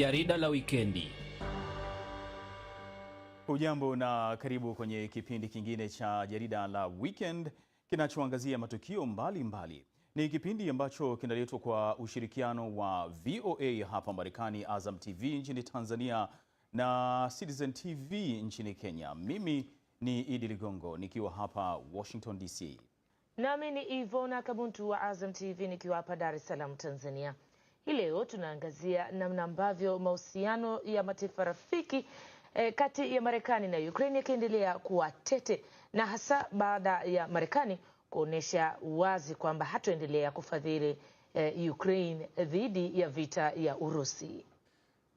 Jarida la wikendi. Hujambo na karibu kwenye kipindi kingine cha jarida la weekend kinachoangazia matukio mbalimbali mbali. Ni kipindi ambacho kinaletwa kwa ushirikiano wa VOA hapa Marekani, Azam TV nchini Tanzania na Citizen TV nchini Kenya. Mimi ni Idi Ligongo nikiwa hapa Washington DC. Nami ni Ivona Kabuntu wa Azam TV nikiwa hapa Dar es Salaam, Tanzania. Hii leo tunaangazia namna ambavyo mahusiano ya mataifa rafiki e, kati ya Marekani na Ukraine yakiendelea kuwa tete na hasa baada ya Marekani kuonyesha wazi kwamba hataendelea kufadhili e, Ukraine dhidi ya vita ya Urusi.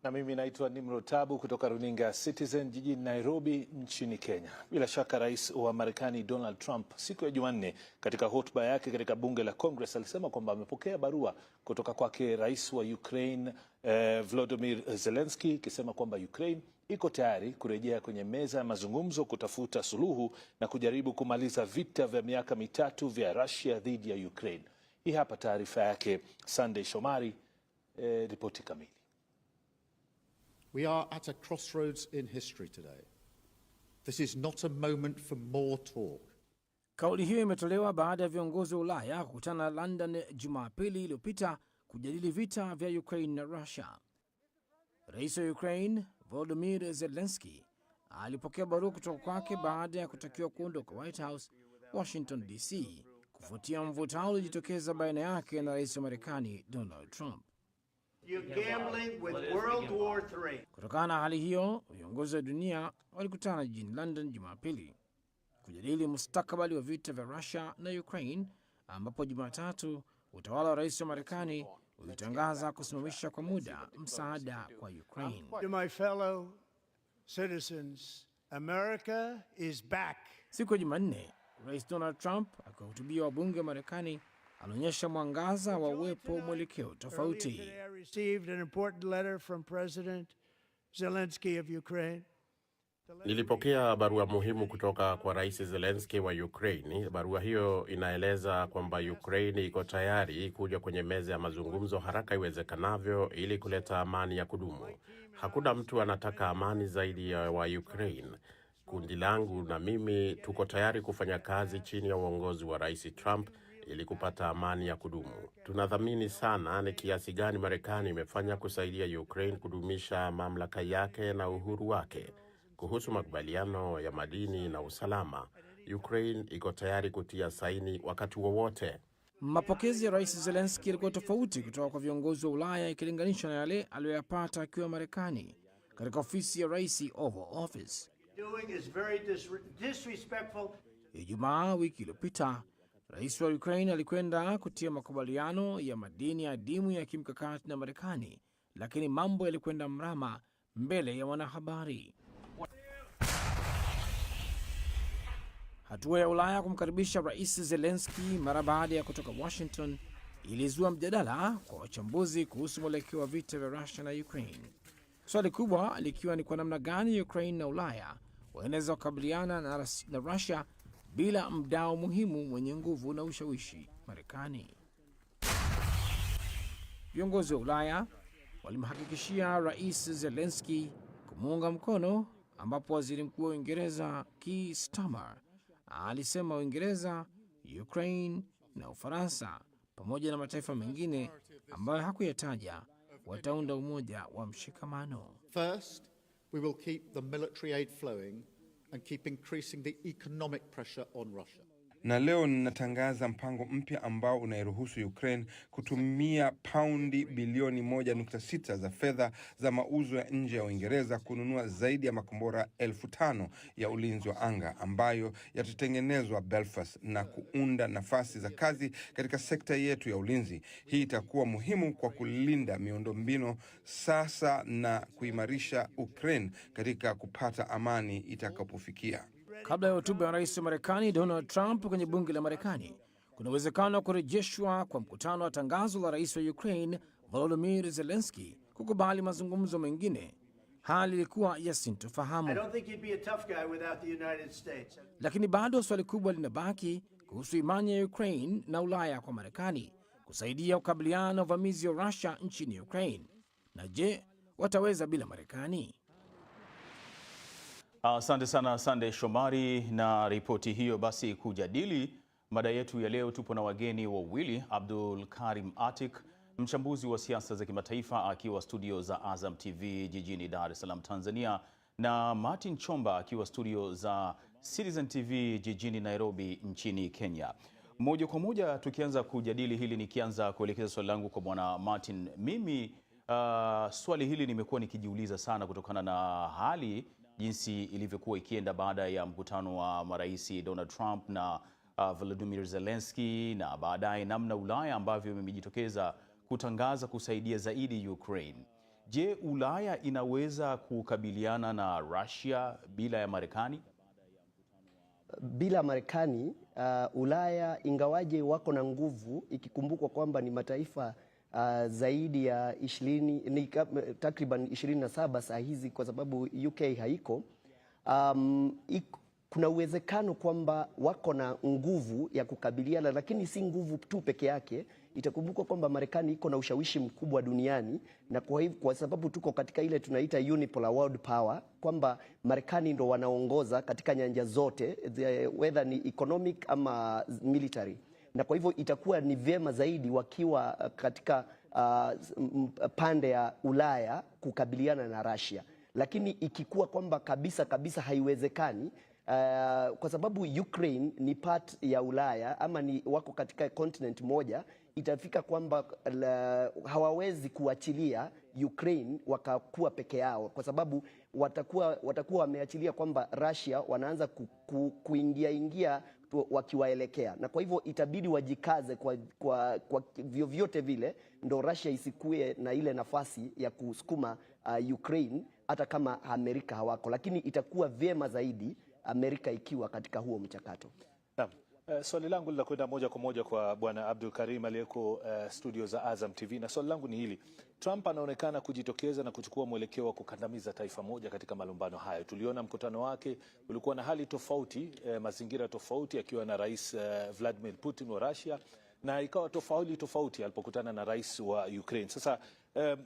Na mimi naitwa Nimro Tabu kutoka runinga Citizen jijini Nairobi nchini Kenya. Bila shaka rais wa Marekani Donald Trump siku ya Jumanne katika hotuba yake katika bunge la Congress alisema kwamba amepokea barua kutoka kwake rais wa Ukraine eh, Volodymyr Zelensky ikisema kwamba Ukraine iko tayari kurejea kwenye meza ya mazungumzo kutafuta suluhu na kujaribu kumaliza vita vya miaka mitatu vya Russia dhidi ya Ukraine. Hii hapa taarifa yake Sunday Shomari, eh, ripoti kamili. We are at a crossroads in history today. This is not a moment for more talk. Kauli hiyo imetolewa baada ya viongozi wa Ulaya kukutana London Jumapili iliyopita kujadili vita vya Ukraine na Russia. Rais wa Ukraine Volodymyr Zelensky alipokea barua kutoka kwake baada ya kutakiwa kuondoka White House, Washington DC, kufuatia mvutano uliojitokeza baina yake na rais wa Marekani Donald Trump. Kutokana na hali hiyo, viongozi wa dunia walikutana jijini London Jumapili kujadili mustakabali wa vita vya rusia na Ukraine, ambapo Jumatatu utawala wa rais wa Marekani ulitangaza kusimamisha kwa muda msaada kwa Ukraine. Siku ya Jumanne, Rais Donald Trump akiwahutubia wabunge wa Marekani alionyesha mwangaza wa uwepo mwelekeo tofauti. Nilipokea barua muhimu kutoka kwa Rais Zelenski wa Ukraini. Barua hiyo inaeleza kwamba Ukraini iko tayari kuja kwenye meza ya mazungumzo haraka iwezekanavyo ili kuleta amani ya kudumu. Hakuna mtu anataka amani zaidi ya wa Ukraini. Kundi langu na mimi tuko tayari kufanya kazi chini ya uongozi wa Rais Trump ili kupata amani ya kudumu. Tunathamini sana ni kiasi gani Marekani imefanya kusaidia Ukraine kudumisha mamlaka yake na uhuru wake. Kuhusu makubaliano ya madini na usalama, Ukraine iko tayari kutia saini wakati wowote. Mapokezi ya Rais Zelenski yalikuwa tofauti kutoka kwa viongozi wa Ulaya ikilinganishwa na yale aliyoyapata akiwa Marekani katika ofisi ya rais, Oval Office, Ijumaa wiki iliyopita. Rais wa Ukraine alikwenda kutia makubaliano ya madini adimu ya kimkakati na Marekani, lakini mambo yalikwenda mrama mbele ya wanahabari. Hatua ya Ulaya kumkaribisha Rais Zelenski mara baada ya kutoka Washington ilizua mjadala kwa wachambuzi kuhusu mwelekeo wa vita vya Rusia na Ukraine, swali kubwa likiwa ni kwa namna gani Ukraine na Ulaya wanaweza kukabiliana na Rusia bila mdao muhimu mwenye nguvu na ushawishi Marekani. Viongozi wa Ulaya walimhakikishia Rais Zelenski kumuunga mkono, ambapo waziri mkuu wa Uingereza Keir Starmer alisema Uingereza, Ukraine na Ufaransa pamoja na mataifa mengine ambayo hakuyataja wataunda umoja wa mshikamano. First, we will keep the military aid flowing and keep increasing the economic pressure on Russia. na leo ninatangaza mpango mpya ambao unairuhusu Ukraine kutumia paundi bilioni 1.6 za fedha za mauzo ya nje ya Uingereza kununua zaidi ya makombora elfu tano ya ulinzi wa anga ambayo yatatengenezwa Belfast na kuunda nafasi za kazi katika sekta yetu ya ulinzi. Hii itakuwa muhimu kwa kulinda miundombinu sasa na kuimarisha Ukraine katika kupata amani itakapofikia kabla ya hotuba ya rais wa Marekani Donald Trump kwenye bunge la Marekani, kuna uwezekano wa kurejeshwa kwa mkutano wa tangazo la rais wa Ukraine volodimir zelenski kukubali mazungumzo mengine. Hali ilikuwa ya sintofahamu, lakini bado swali kubwa linabaki kuhusu imani ya Ukraine na Ulaya kwa Marekani kusaidia kukabiliana na uvamizi wa Rusia nchini Ukraine. Na je, wataweza bila Marekani? Asante sana Sande Shomari na ripoti hiyo. Basi kujadili mada yetu ya leo, tupo na wageni wawili, Abdul Karim Atik, mchambuzi wa siasa za kimataifa akiwa studio za Azam TV jijini Dar es Salaam, Tanzania, na Martin Chomba akiwa studio za Citizen TV jijini Nairobi nchini Kenya. Moja kwa moja tukianza kujadili hili, nikianza kuelekeza swali langu kwa bwana Martin. Mimi uh, swali hili nimekuwa nikijiuliza sana kutokana na hali jinsi ilivyokuwa ikienda baada ya mkutano wa marais Donald Trump na uh, Volodymyr Zelensky na baadaye namna Ulaya ambavyo imejitokeza kutangaza kusaidia zaidi Ukraine. Je, Ulaya inaweza kukabiliana na Russia bila ya Marekani? Bila Marekani, uh, Ulaya ingawaje wako na nguvu, ikikumbukwa kwamba ni mataifa uh, zaidi ya ishirini takriban 27 saa hizi kwa sababu UK haiko um, iku, kuna uwezekano kwamba wako na nguvu ya kukabiliana, lakini si nguvu tu peke yake. Itakumbukwa kwamba Marekani iko na ushawishi mkubwa duniani, na kwa hivyo, kwa sababu tuko katika ile tunaita unipolar world power, kwamba Marekani ndo wanaongoza katika nyanja zote, whether ni economic ama military na kwa hivyo itakuwa ni vyema zaidi wakiwa uh, katika uh, pande ya Ulaya kukabiliana na Russia, lakini ikikuwa kwamba kabisa kabisa haiwezekani Uh, kwa sababu Ukraine ni part ya Ulaya ama ni wako katika continent moja, itafika kwamba la, hawawezi kuachilia Ukraine wakakuwa peke yao, kwa sababu watakuwa watakuwa wameachilia kwamba Russia wanaanza ku, ku, kuingia ingia wakiwaelekea, na kwa hivyo itabidi wajikaze kwa, kwa, kwa vyovyote vile ndo Russia isikue na ile nafasi ya kusukuma uh, Ukraine hata kama Amerika hawako, lakini itakuwa vyema zaidi Amerika ikiwa katika huo mchakato. Naam. Eh, swali langu linakwenda moja kwa moja kwa Bwana Abdul Karim aliyeko uh, studio za Azam TV, na swali langu ni hili: Trump anaonekana kujitokeza na kuchukua mwelekeo wa kukandamiza taifa moja katika malumbano hayo. Tuliona mkutano wake ulikuwa na hali tofauti, eh, mazingira tofauti, akiwa na Rais eh, Vladimir Putin wa Russia, na ikawa tofauti tofauti alipokutana na rais wa Ukraine. Sasa eh,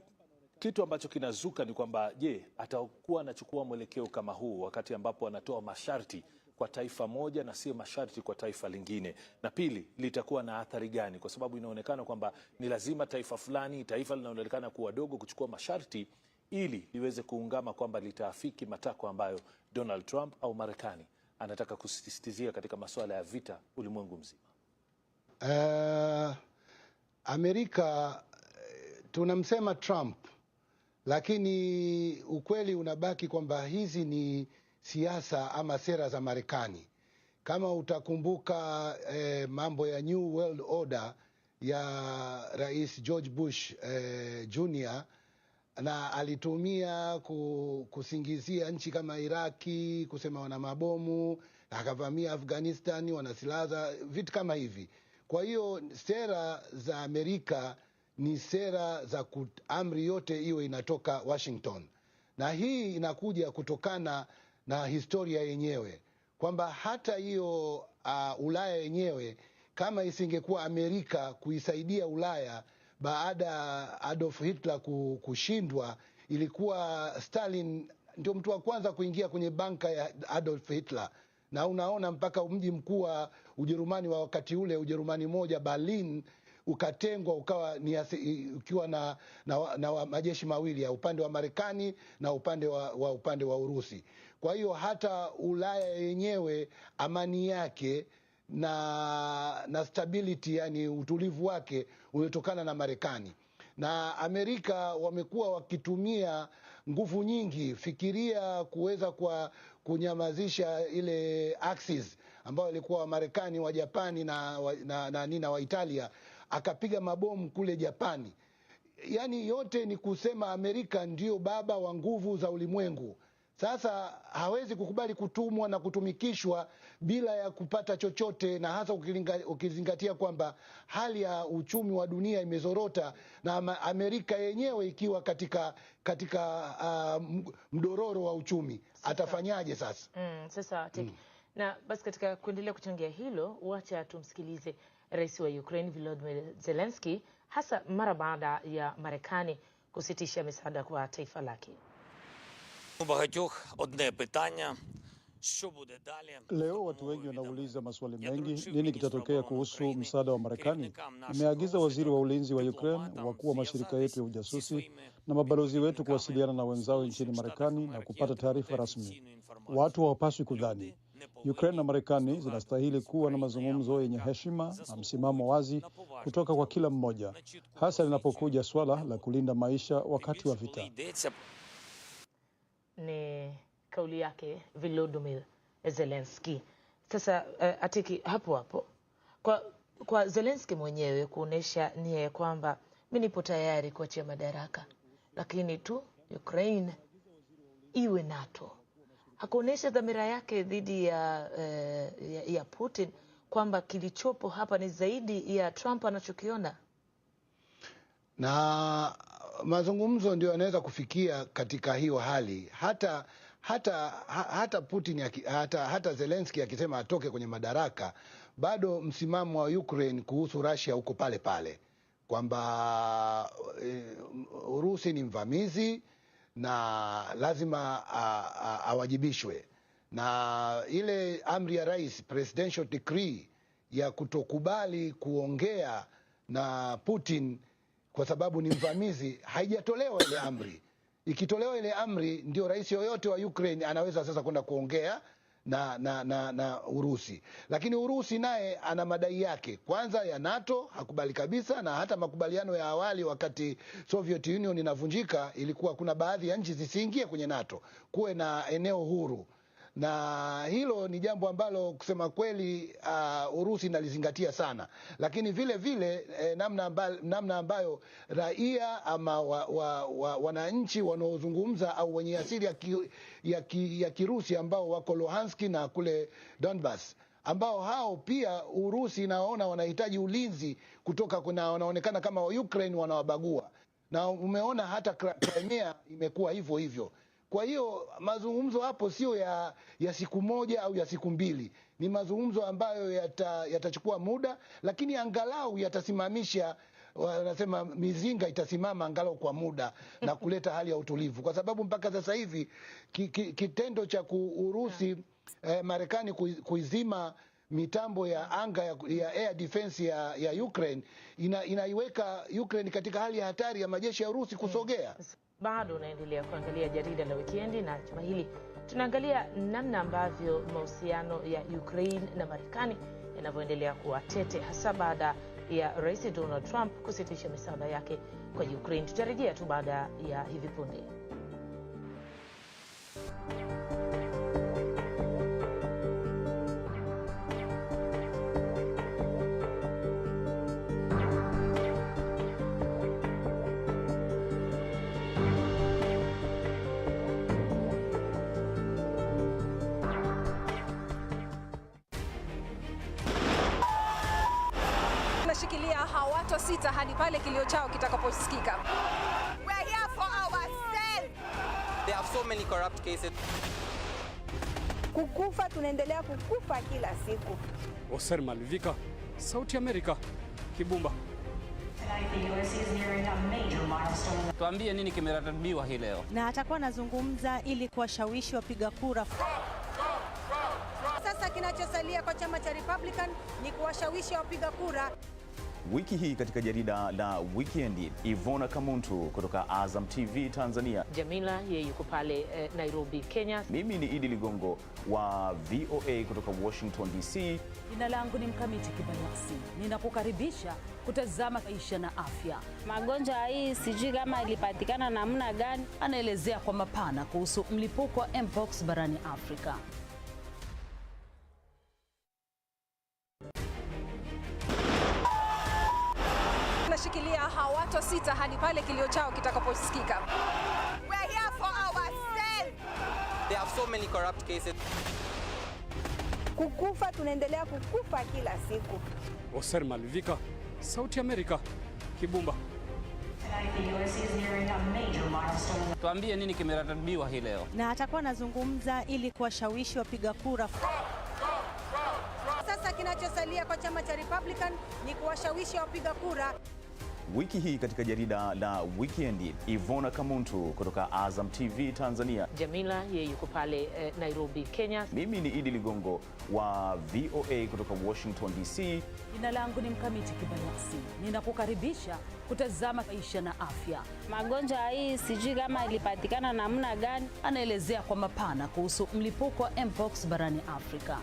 kitu ambacho kinazuka ni kwamba je, atakuwa anachukua mwelekeo kama huu wakati ambapo anatoa masharti kwa taifa moja na sio masharti kwa taifa lingine, na pili litakuwa na athari gani? Kwa sababu inaonekana kwamba ni lazima taifa fulani, taifa linaonekana kuwa dogo, kuchukua masharti ili liweze kuungama kwamba litaafiki matakwa ambayo Donald Trump au Marekani anataka kusisitizia katika masuala ya vita ulimwengu mzima. Uh, Amerika eh, tunamsema Trump, lakini ukweli unabaki kwamba hizi ni siasa ama sera za Marekani. Kama utakumbuka e, mambo ya New World Order ya Rais George Bush e, eh, Jr na alitumia kusingizia nchi kama Iraki kusema wana mabomu, akavamia Afghanistan wana silaha za vitu kama hivi. Kwa hiyo sera za Amerika ni sera za amri yote iwe inatoka Washington, na hii inakuja kutokana na historia yenyewe kwamba hata hiyo uh, Ulaya yenyewe kama isingekuwa Amerika kuisaidia Ulaya baada ya Adolf Hitler kushindwa, ilikuwa Stalin ndio mtu wa kwanza kuingia kwenye banka ya Adolf Hitler, na unaona mpaka mji mkuu wa Ujerumani wa wakati ule, Ujerumani moja Berlin, ukatengwa ukawa ni asi, ukiwa na, na, na, na majeshi mawili ya upande wa Marekani na upande wa, wa upande wa Urusi. Kwa hiyo hata Ulaya yenyewe amani yake na, na stability yani utulivu wake uliotokana na Marekani na Amerika wamekuwa wakitumia nguvu nyingi. Fikiria kuweza kwa kunyamazisha ile Axis ambayo ilikuwa Wamarekani, wa Japani na, na, na, na, na Waitalia, akapiga mabomu kule Japani. yani yote ni kusema Amerika ndio baba wa nguvu za ulimwengu. Sasa hawezi kukubali kutumwa na kutumikishwa bila ya kupata chochote, na hasa ukizingatia kwamba hali ya uchumi wa dunia imezorota na Amerika yenyewe ikiwa katika katika uh, mdororo wa uchumi sasa, atafanyaje sasa? Mm, sasa mm. Na basi katika kuendelea kuchangia hilo, wacha tumsikilize Rais wa Ukraine Volodymyr Zelensky, hasa mara baada ya Marekani kusitisha misaada kwa taifa lake. У багатьох одне питання. Що буде далі? Leo watu wengi wanauliza maswali mengi, nini kitatokea kuhusu msaada wa Marekani? Nimeagiza waziri wa ulinzi wa Ukraine, wakuu wa mashirika yetu ya ujasusi na mabalozi wetu kuwasiliana na wenzao nchini Marekani na kupata taarifa rasmi. Watu hawapaswi kudhani. Ukraine na Marekani zinastahili kuwa na mazungumzo yenye heshima na msimamo wazi kutoka kwa kila mmoja, hasa linapokuja swala la kulinda maisha wakati wa vita ni kauli yake Volodymyr Zelensky. Sasa uh, Atiki, hapo hapo kwa, kwa Zelensky mwenyewe kuonesha nia ya kwamba mi nipo tayari kuachia madaraka, lakini tu Ukraine iwe NATO. Hakuonyesha dhamira yake dhidi ya, uh, ya, ya Putin kwamba kilichopo hapa ni zaidi ya Trump anachokiona na mazungumzo ndio yanaweza kufikia katika hiyo hali hata hata hata Putin hata, hata Zelensky akisema atoke kwenye madaraka, bado msimamo wa Ukraine kuhusu Russia uko pale pale kwamba e, Urusi ni mvamizi na lazima awajibishwe, na ile amri ya rais presidential decree ya kutokubali kuongea na Putin kwa sababu ni mvamizi. Haijatolewa ile amri. Ikitolewa ile amri, ndio rais yoyote wa Ukraine anaweza sasa kwenda kuongea na, na, na, na Urusi. Lakini Urusi naye ana madai yake, kwanza ya NATO hakubali kabisa, na hata makubaliano ya awali wakati Soviet Union inavunjika ilikuwa kuna baadhi ya nchi zisiingie kwenye NATO, kuwe na eneo huru na hilo ni jambo ambalo kusema kweli uh, Urusi inalizingatia sana, lakini vile vile eh, namna, ambayo, namna ambayo raia ama wa, wa, wa, wananchi wanaozungumza au wenye asili ya, ki, ya, ki, ya Kirusi ambao wako Luhanski na kule Donbas ambao hao pia Urusi inaona wanahitaji ulinzi kutoka kuna wanaonekana kama Ukraine wanawabagua, na umeona hata Crimea imekuwa hivyo hivyo. Kwa hiyo mazungumzo hapo sio ya, ya siku moja au ya siku mbili, ni mazungumzo ambayo yatachukua yata muda, lakini angalau yatasimamisha wanasema mizinga itasimama angalau kwa muda na kuleta hali ya utulivu, kwa sababu mpaka sasa hivi kitendo ki, kitendo cha kuurusi eh, Marekani kuizima mitambo ya anga ya, ya air defense ya, ya Ukraine ina, inaiweka Ukraine katika hali ya hatari ya majeshi ya Urusi kusogea. Bado unaendelea kuangalia jarida la wikendi, na juma hili tunaangalia namna ambavyo mahusiano ya Ukraine na Marekani yanavyoendelea kuwa tete, hasa baada ya Rais Donald Trump kusitisha misaada yake kwa Ukraine. Tutarejea tu baada ya hivi punde. kilio chao kitakaposikika. We are here for ourselves. There are so many corrupt cases. Kukufa, tunaendelea kukufa kila siku. Oser Malvika, Sauti America, Kibumba. Tuambie nini kimeratibiwa hii leo, na atakuwa anazungumza ili kuwashawishi wapiga kura. Sasa kinachosalia kwa chama cha Republican ni kuwashawishi wapiga kura Wiki hii katika jarida la Weekend, Ivona Kamuntu kutoka Azam TV Tanzania, Jamila yeye yuko pale eh, Nairobi, Kenya. Mimi ni Idi Ligongo wa VOA kutoka Washington DC. Jina langu ni Mkamiti Kibayasi, ninakukaribisha kutazama maisha na afya. Magonjwa hii sijui kama ilipatikana namna gani, anaelezea kwa mapana kuhusu mlipuko wa mpox barani Afrika. walioshikilia sita hadi pale kilio chao kitakaposikika. We are here for ourselves. There are so many corrupt cases. Kukufa, tunaendelea kukufa kila siku. Oser Malvika, Sauti Amerika, Kibumba. Tuambie nini kimeratibiwa hii leo? Na atakuwa anazungumza ili kuwashawishi wapiga kura. Sasa kinachosalia kwa chama cha Republican ni kuwashawishi wapiga kura. Wiki hii katika jarida la Weekend, Ivona Kamuntu kutoka Azam TV Tanzania, Jamila yeye yuko pale eh, Nairobi, Kenya. Mimi ni Idi Ligongo wa VOA kutoka Washington DC. Jina langu ni Mkamiti Kibayasi, ninakukaribisha kutazama maisha na afya. Magonjwa hii sijui kama ilipatikana namna gani, anaelezea kwa mapana kuhusu mlipuko wa mpox barani Afrika.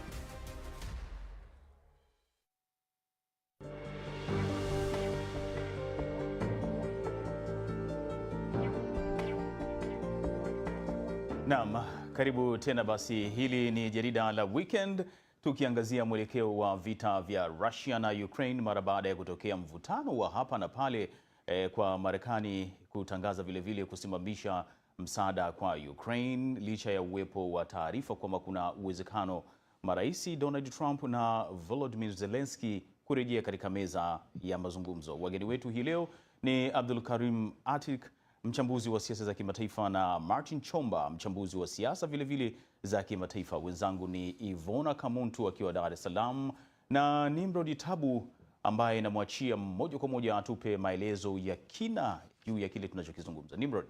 Naam, karibu tena basi. Hili ni jarida la Weekend tukiangazia mwelekeo wa vita vya Russia na Ukraine mara baada ya kutokea mvutano wa hapa na pale eh, kwa Marekani kutangaza vilevile vile kusimamisha msaada kwa Ukraine licha ya uwepo wa taarifa kwamba kuna uwezekano marais Donald Trump na Volodymyr Zelensky kurejea katika meza ya mazungumzo. Wageni wetu hii leo ni Abdul Karim Atik mchambuzi wa siasa za kimataifa na Martin Chomba, mchambuzi wa siasa vilevile za kimataifa. Wenzangu ni Ivona Kamuntu akiwa Dar es Salaam na Nimrod Tabu ambaye namwachia moja kwa moja atupe maelezo ya kina juu ya kile tunachokizungumza. Nimrod.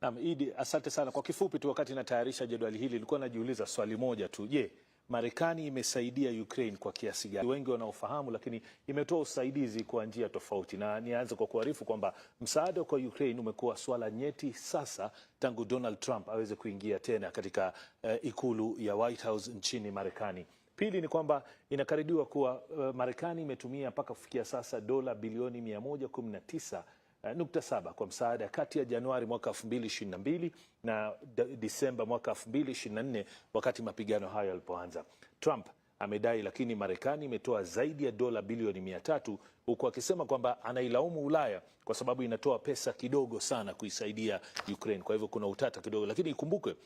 Naam, Idi, asante sana. Kwa kifupi tu, wakati natayarisha jedwali hili nilikuwa najiuliza swali moja tu, je, Marekani imesaidia Ukraine kwa kiasi gani, wengi wanaofahamu, lakini imetoa usaidizi kwa njia tofauti. Na nianze kwa kuarifu kwamba msaada kwa Ukraine umekuwa swala nyeti sasa tangu Donald Trump aweze kuingia tena katika uh, ikulu ya White House nchini Marekani. Pili ni kwamba inakaribiwa kuwa uh, Marekani imetumia mpaka kufikia sasa dola bilioni 119 7 eh, kwa msaada kati ya Januari mwaka 2022 na Disemba mwaka 2024 wakati mapigano hayo yalipoanza. Trump amedai lakini Marekani imetoa zaidi ya dola bilioni mia tatu huku akisema kwamba anailaumu Ulaya kwa sababu inatoa pesa kidogo sana kuisaidia Ukraine. Kwa hivyo kuna utata kidogo, lakini ikumbukwe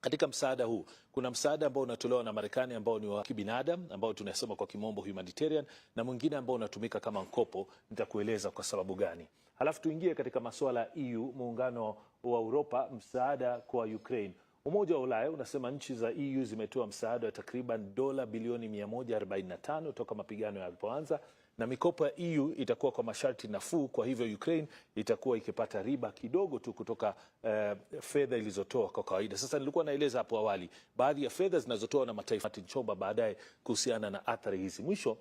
katika msaada huu kuna msaada ambao unatolewa na Marekani ambao ni wa kibinadamu ambao tunasema kwa kimombo humanitarian, na mwingine ambao unatumika kama mkopo. Nitakueleza kwa sababu gani. Halafu tuingie katika masuala ya EU, muungano wa Uropa, msaada kwa Ukraine. Umoja wa Ulaya unasema nchi za EU zimetoa msaada wa takriban dola bilioni 145 toka mapigano yalipoanza na mikopo ya EU itakuwa kwa masharti nafuu. Kwa hivyo Ukraine itakuwa ikipata riba kidogo tu kutoka uh, fedha ilizotoa kwa kawaida. Sasa nilikuwa naeleza hapo awali baadhi ya fedha zinazotoa na mataifa Martin Chomba baadaye kuhusiana na athari hizi. Mwisho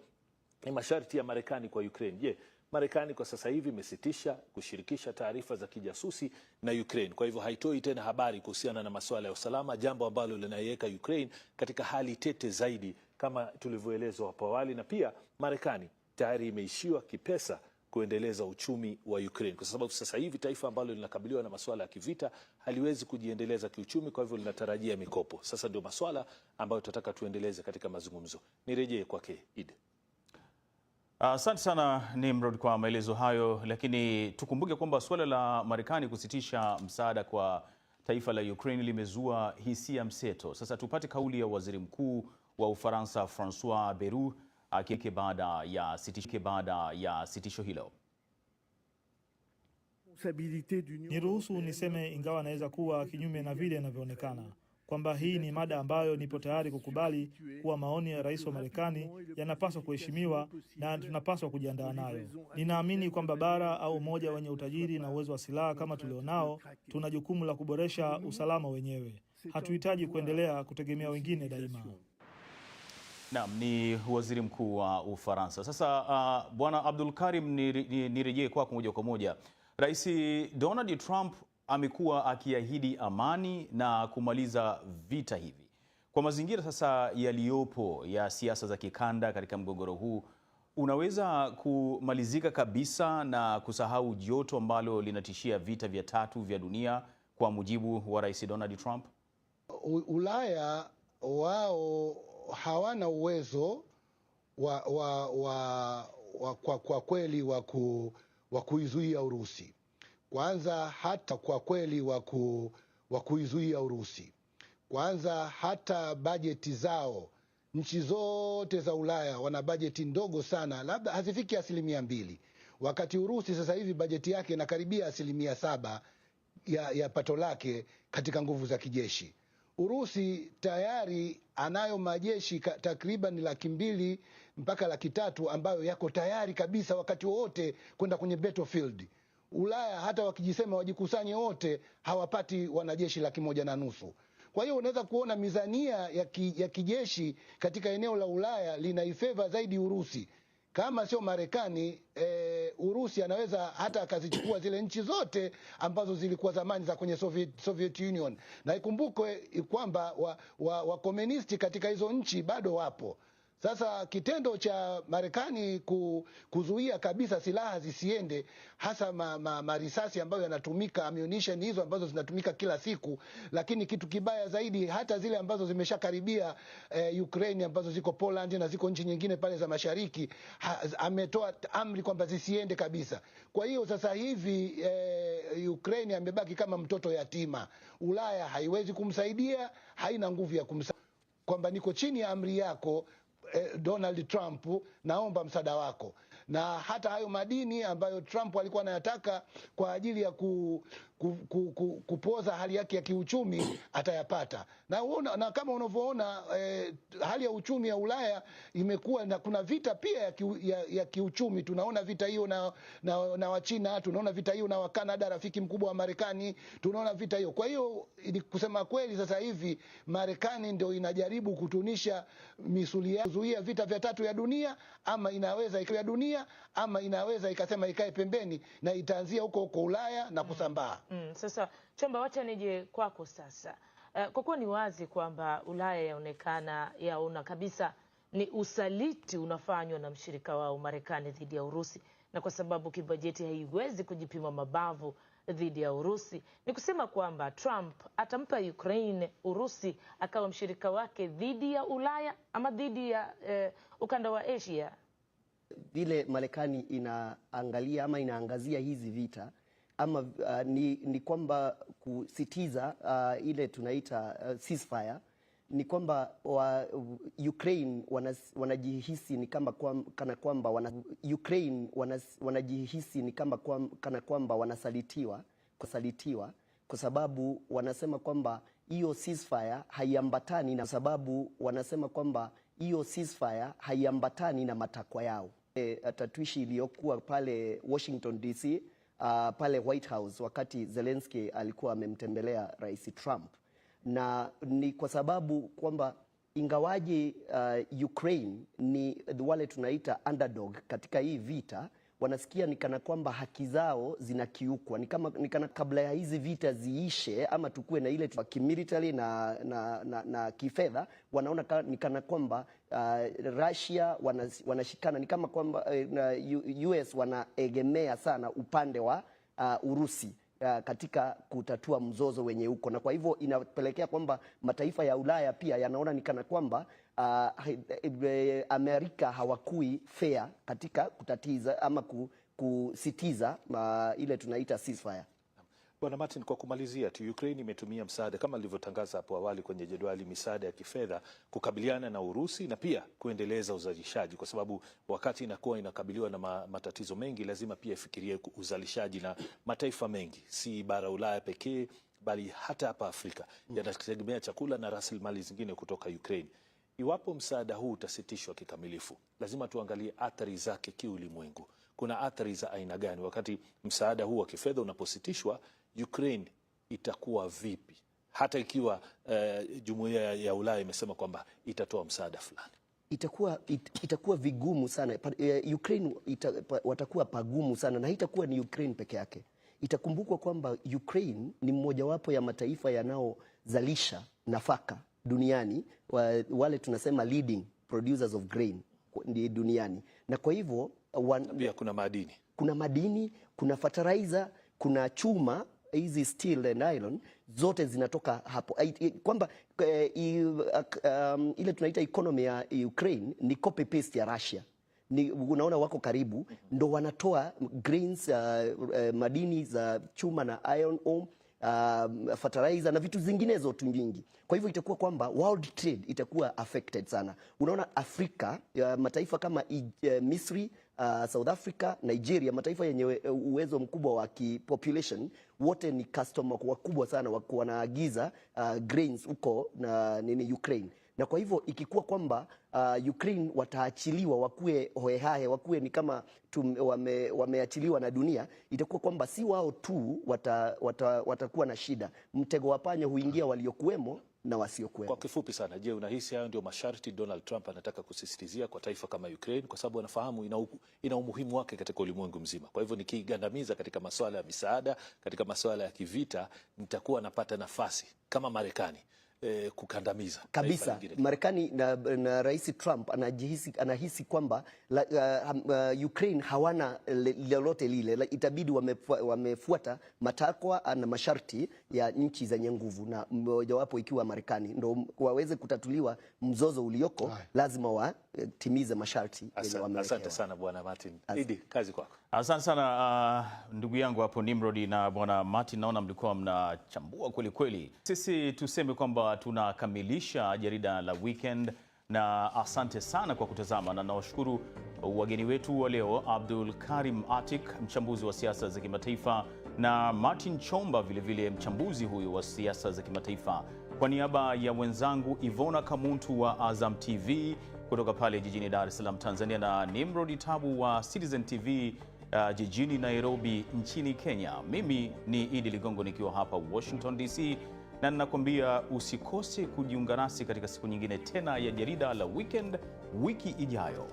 ni masharti ya Marekani kwa Ukraine. Je, Marekani kwa sasa hivi imesitisha kushirikisha taarifa za kijasusi na Ukraine. Kwa hivyo haitoi tena habari kuhusiana na masuala ya usalama, jambo ambalo linaiweka Ukraine katika hali tete zaidi kama tulivyoelezwa hapo awali, na pia Marekani tayari imeishiwa kipesa kuendeleza uchumi wa Ukraine, kwa sababu sasa hivi taifa ambalo linakabiliwa na masuala ya kivita haliwezi kujiendeleza kiuchumi, kwa hivyo linatarajia mikopo. Sasa ndio masuala ambayo tunataka tuendeleze katika mazungumzo. Nirejee kwake Id. Asante uh, sana Nimrod kwa maelezo hayo, lakini tukumbuke kwamba suala la Marekani kusitisha msaada kwa taifa la Ukraine limezua hisia mseto. Sasa tupate kauli ya waziri mkuu wa Ufaransa Francois Beru akike baada ya sitisho, baada ya sitisho hilo. Niruhusu niseme, ingawa naweza kuwa kinyume na vile inavyoonekana kwamba hii ni mada ambayo nipo tayari kukubali kuwa maoni ya rais wa Marekani yanapaswa kuheshimiwa na tunapaswa kujiandaa nayo. Ninaamini kwamba bara au umoja wenye utajiri na uwezo wa silaha kama tulionao, tuna jukumu la kuboresha usalama wenyewe. Hatuhitaji kuendelea kutegemea wengine daima. Naam, ni waziri mkuu wa Ufaransa. Sasa uh, bwana Abdul Karim, nirejee kwako moja kwa moja. Rais Donald Trump amekuwa akiahidi amani na kumaliza vita hivi. Kwa mazingira sasa yaliyopo ya siasa za kikanda katika mgogoro huu, unaweza kumalizika kabisa na kusahau joto ambalo linatishia vita vya tatu vya dunia kwa mujibu wa Rais Donald Trump? Ulaya wao hawana uwezo wa, wa, wa, wa, kwa, kwa kweli wa wa kuizuia Urusi kwanza, hata kwa kweli wa wa kuizuia Urusi kwanza, hata bajeti zao nchi zote za Ulaya wana bajeti ndogo sana, labda hazifiki asilimia mbili, wakati Urusi sasa hivi bajeti yake inakaribia asilimia saba ya, ya pato lake katika nguvu za kijeshi. Urusi tayari anayo majeshi takriban laki mbili mpaka laki tatu ambayo yako tayari kabisa wakati wowote kwenda kwenye battlefield. Ulaya hata wakijisema wajikusanye wote hawapati wanajeshi laki moja na nusu. Kwa hiyo unaweza kuona mizania ya, ki, ya kijeshi katika eneo la Ulaya linaifeva zaidi Urusi kama sio Marekani e, Urusi anaweza hata akazichukua zile nchi zote ambazo zilikuwa zamani za kwenye Soviet, Soviet Union, na ikumbukwe kwamba wakomunisti wa, wa katika hizo nchi bado wapo sasa kitendo cha Marekani kuzuia kabisa silaha zisiende hasa ma, ma, marisasi ambayo yanatumika ammunition hizo ambazo zinatumika kila siku, lakini kitu kibaya zaidi hata zile ambazo zimeshakaribia eh, Ukraine ambazo ziko Poland na ziko nchi nyingine pale za mashariki ha, ametoa amri kwamba zisiende kabisa. Kwa hiyo sasa hivi eh, Ukraine amebaki kama mtoto yatima. Ulaya haiwezi kumsaidia, haina nguvu ya kumsaidia kwamba niko chini ya amri yako eh, Donald Trump, naomba msaada wako. Na hata hayo madini ambayo Trump alikuwa anayataka kwa ajili ya ku, ku, ku, ku, kupoza hali yake ya kiuchumi atayapata na, una, na kama unavyoona eh, hali ya uchumi ya Ulaya imekuwa na kuna vita pia ya, ki, ya, ya kiuchumi. Tunaona vita hiyo na, na, na Wachina, tunaona vita hiyo na Wakanada, rafiki mkubwa wa Marekani, tunaona vita hiyo. Kwa hiyo kusema kweli, sasa hivi Marekani ndio inajaribu kutunisha misuli ya kuzuia vita vya tatu ya dunia, ama inaweza ya dunia ama inaweza ikasema ikae pembeni na itaanzia huko huko Ulaya na mm. kusambaa. Mm, sasa Chomba, wacha nije kwako sasa. Uh, kwa kuwa ni wazi kwamba Ulaya yaonekana yaona kabisa ni usaliti unafanywa na mshirika wao Marekani dhidi ya Urusi, na kwa sababu kibajeti haiwezi kujipima mabavu dhidi ya Urusi, ni kusema kwamba Trump atampa Ukraine Urusi akawa mshirika wake dhidi ya Ulaya ama dhidi ya eh, ukanda wa Asia. Vile Marekani inaangalia ama inaangazia hizi vita ama uh, ni, ni kwamba kusitiza uh, ile tunaita uh, ceasefire ni kwamba wa, Ukraine wanajihisi ni kama kana kwamba wana, Ukraine wanajihisi ni kama kana kwamba wanasalitiwa kusalitiwa kwa sababu wanasema kwamba hiyo ceasefire haiambatani na sababu wanasema kwamba hiyo ceasefire haiambatani na matakwa yao. E, eh, tatuishi iliyokuwa pale Washington DC uh, pale White House wakati Zelensky alikuwa amemtembelea Rais Trump, na ni kwa sababu kwamba ingawaji uh, Ukraine ni wale tunaita underdog katika hii vita wanasikia ni kana kwamba haki zao zinakiukwa, ni kama ni kana kabla ya hizi vita ziishe ama tukuwe na ile kimilitari na, na, na, na kifedha, wanaona ni kana kwamba uh, Russia wanashikana, ni kama kwamba uh, eh, US wanaegemea sana upande wa uh, Urusi uh, katika kutatua mzozo wenye huko na kwa hivyo inapelekea kwamba mataifa ya Ulaya pia yanaona ni kana kwamba uh, eh, Amerika hawakui fair katika kutatiza ama kusitiza uh, ile tunaita ceasefire. Bwana Martin, kwa kumalizia tu, Ukraine imetumia msaada kama alivyotangaza hapo awali kwenye jedwali, misaada ya kifedha kukabiliana na Urusi na pia kuendeleza uzalishaji, kwa sababu wakati inakuwa inakabiliwa na matatizo mengi, lazima pia ifikirie uzalishaji, na mataifa mengi, si bara Ulaya pekee, bali hata hapa Afrika mm. yanategemea chakula na rasilimali zingine kutoka Ukraine. Iwapo msaada huu utasitishwa kikamilifu, lazima tuangalie athari zake kiulimwengu. Kuna athari za aina gani? Wakati msaada huu wa kifedha unapositishwa, Ukraine itakuwa vipi? Hata ikiwa uh, jumuiya ya Ulaya imesema kwamba itatoa msaada fulani, itakuwa it, itakuwa vigumu sana eh, Ukraine ita, watakuwa pagumu sana, na itakuwa ni Ukraine peke yake. Itakumbukwa kwamba Ukraine ni mmojawapo ya mataifa yanayozalisha nafaka duniani wa, wale tunasema leading producers of grain duniani, na kwa hivyo pia kuna madini, kuna madini, kuna fertilizer, kuna chuma hizi steel and iron zote zinatoka hapo, kwamba eh, um, ile tunaita economy ya Ukraine ni copy paste ya Russia. Ni, unaona wako karibu ndo wanatoa grains uh, uh, madini za chuma na iron ore um, uh, fertilizer na vitu zinginezo tu nyingi. Kwa hivyo itakuwa kwamba world trade itakuwa affected sana. Unaona Afrika uh, mataifa kama uh, Misri uh, South Africa, Nigeria, mataifa yenye eh, uwezo mkubwa wa population wote ni customer wakubwa sana, wanaagiza uh, grains huko na nini Ukraine na kwa hivyo ikikuwa kwamba uh, Ukraine wataachiliwa wakuwe hohehahe wakuwe ni kama wame, wameachiliwa na dunia, itakuwa kwamba si wao tu watakuwa wata, wata na shida. Mtego wa panya huingia waliokuwemo na wasiokuwemo. Kwa kifupi sana, je, unahisi hayo ndio masharti Donald Trump anataka kusisitizia kwa taifa kama Ukraine, kwa sababu anafahamu ina, ina umuhimu wake katika ulimwengu mzima. Kwa hivyo nikigandamiza katika masuala ya misaada, katika masuala ya kivita, nitakuwa napata nafasi kama Marekani eh, kukandamiza kabisa Marekani na, na Rais Trump anajihisi, anahisi kwamba la, uh, uh, Ukraine hawana lolote lile la, itabidi wamefuata, wamefuata matakwa na masharti ya nchi zenye nguvu na mojawapo ikiwa Marekani, ndo waweze kutatuliwa mzozo ulioko Ay, lazima watimize eh, masharti yenye wamewekewa. Asante sana Bwana Martin Idi, kazi kwako. Asante sana uh, ndugu yangu hapo Nimrod na bwana Martin, naona mlikuwa mnachambua kweli kweli. Sisi tuseme kwamba tunakamilisha jarida la weekend, na asante sana kwa kutazama, na nawashukuru wageni wetu wa leo, Abdul Karim Atik, mchambuzi wa siasa za kimataifa, na Martin Chomba vilevile vile mchambuzi huyu wa siasa za kimataifa. Kwa niaba ya wenzangu Ivona Kamuntu wa Azam TV kutoka pale jijini Dar es Salaam, Tanzania, na Nimrod Tabu wa Citizen TV uh, jijini Nairobi nchini Kenya. Mimi ni Idi Ligongo nikiwa hapa Washington DC, na ninakwambia usikose kujiunga nasi katika siku nyingine tena ya jarida la weekend wiki ijayo.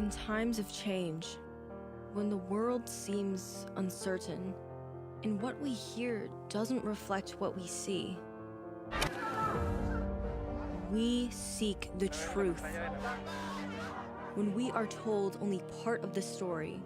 In times of change, when the world seems uncertain, and what we hear doesn't reflect what we see, we seek the truth. When we are told only part of the story,